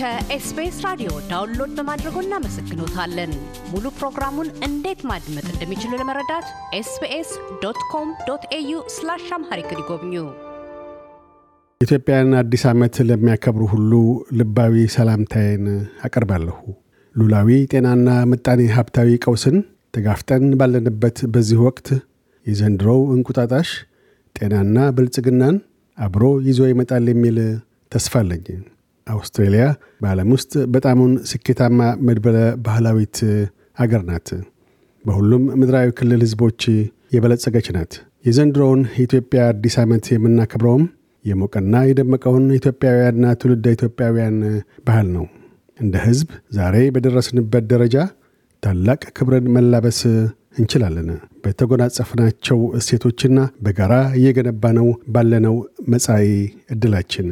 ከኤስቢኤስ ራዲዮ ዳውንሎድ በማድረጎ እናመሰግኖታለን። ሙሉ ፕሮግራሙን እንዴት ማድመጥ እንደሚችሉ ለመረዳት ኤስቢኤስ ዶት ኮም ዶት ኤዩ ስላሽ አምሃሪክ ይጎብኙ። ኢትዮጵያን አዲስ ዓመት ለሚያከብሩ ሁሉ ልባዊ ሰላምታዬን አቀርባለሁ። ሉላዊ ጤናና ምጣኔ ሀብታዊ ቀውስን ተጋፍጠን ባለንበት በዚህ ወቅት የዘንድሮው እንቁጣጣሽ ጤናና ብልጽግናን አብሮ ይዞ ይመጣል የሚል ተስፋ አለኝ። አውስትሬሊያ በዓለም ውስጥ በጣሙን ስኬታማ መድበለ ባህላዊት አገር ናት። በሁሉም ምድራዊ ክልል ህዝቦች የበለጸገች ናት። የዘንድሮውን የኢትዮጵያ አዲስ ዓመት የምናከብረውም የሞቀና የደመቀውን ኢትዮጵያውያንና ትውልደ ኢትዮጵያውያን ባህል ነው። እንደ ህዝብ ዛሬ በደረስንበት ደረጃ ታላቅ ክብርን መላበስ እንችላለን። በተጎናጸፍናቸው እሴቶችና በጋራ እየገነባ ነው ባለነው መጻይ ዕድላችን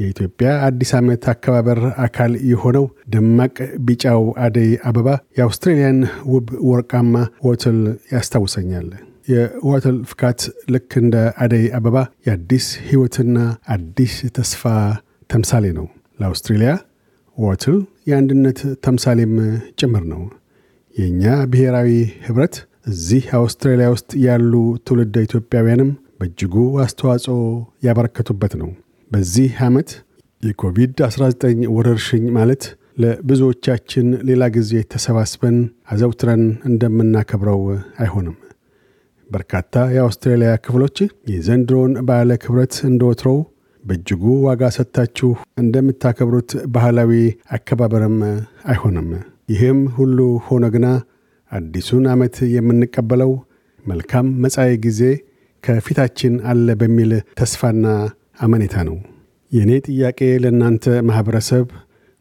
የኢትዮጵያ አዲስ ዓመት አከባበር አካል የሆነው ደማቅ ቢጫው አደይ አበባ የአውስትሬልያን ውብ ወርቃማ ወትል ያስታውሰኛል። የወትል ፍካት ልክ እንደ አደይ አበባ የአዲስ ሕይወትና አዲስ ተስፋ ተምሳሌ ነው። ለአውስትሬልያ ወትል የአንድነት ተምሳሌም ጭምር ነው። የእኛ ብሔራዊ ኅብረት እዚህ አውስትራሊያ ውስጥ ያሉ ትውልድ ኢትዮጵያውያንም በእጅጉ አስተዋጽኦ ያበረከቱበት ነው። በዚህ ዓመት የኮቪድ-19 ወረርሽኝ ማለት ለብዙዎቻችን ሌላ ጊዜ ተሰባስበን አዘውትረን እንደምናከብረው አይሆንም። በርካታ የአውስትራሊያ ክፍሎች የዘንድሮን በዓለ ክብረት እንደወትሮው በእጅጉ ዋጋ ሰጥታችሁ እንደምታከብሩት ባህላዊ አከባበርም አይሆንም። ይህም ሁሉ ሆኖ ግና አዲሱን ዓመት የምንቀበለው መልካም መጻኢ ጊዜ ከፊታችን አለ በሚል ተስፋና አመኔታ ነው። የእኔ ጥያቄ ለእናንተ ማኅበረሰብ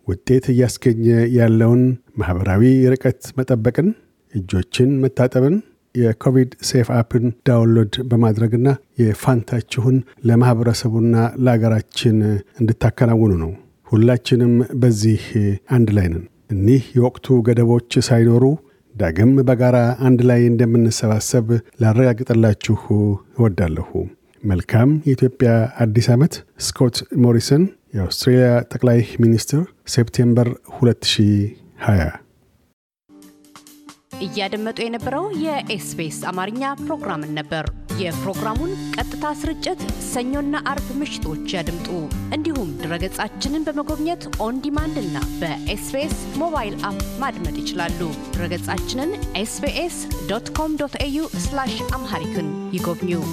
ውጤት እያስገኘ ያለውን ማኅበራዊ ርቀት መጠበቅን፣ እጆችን መታጠብን፣ የኮቪድ ሴፍ አፕን ዳውንሎድ በማድረግና የፋንታችሁን ለማኅበረሰቡና ለአገራችን እንድታከናውኑ ነው። ሁላችንም በዚህ አንድ ላይ ነን። እኒህ የወቅቱ ገደቦች ሳይኖሩ ዳግም በጋራ አንድ ላይ እንደምንሰባሰብ ላረጋግጥላችሁ እወዳለሁ። መልካም የኢትዮጵያ አዲስ ዓመት። ስኮት ሞሪሰን የአውስትሬልያ ጠቅላይ ሚኒስትር ሴፕቴምበር 2020። እያደመጡ የነበረው የኤስቢኤስ አማርኛ ፕሮግራምን ነበር። የፕሮግራሙን ቀጥታ ስርጭት ሰኞና አርብ ምሽቶች ያድምጡ። እንዲሁም ድረገጻችንን በመጎብኘት ኦን ዲማንድ እና በኤስቢኤስ ሞባይል አፕ ማድመጥ ይችላሉ። ድረገጻችንን ኤስቢኤስ ዶት ኮም ኤዩ አምሃሪክን ይጎብኙ።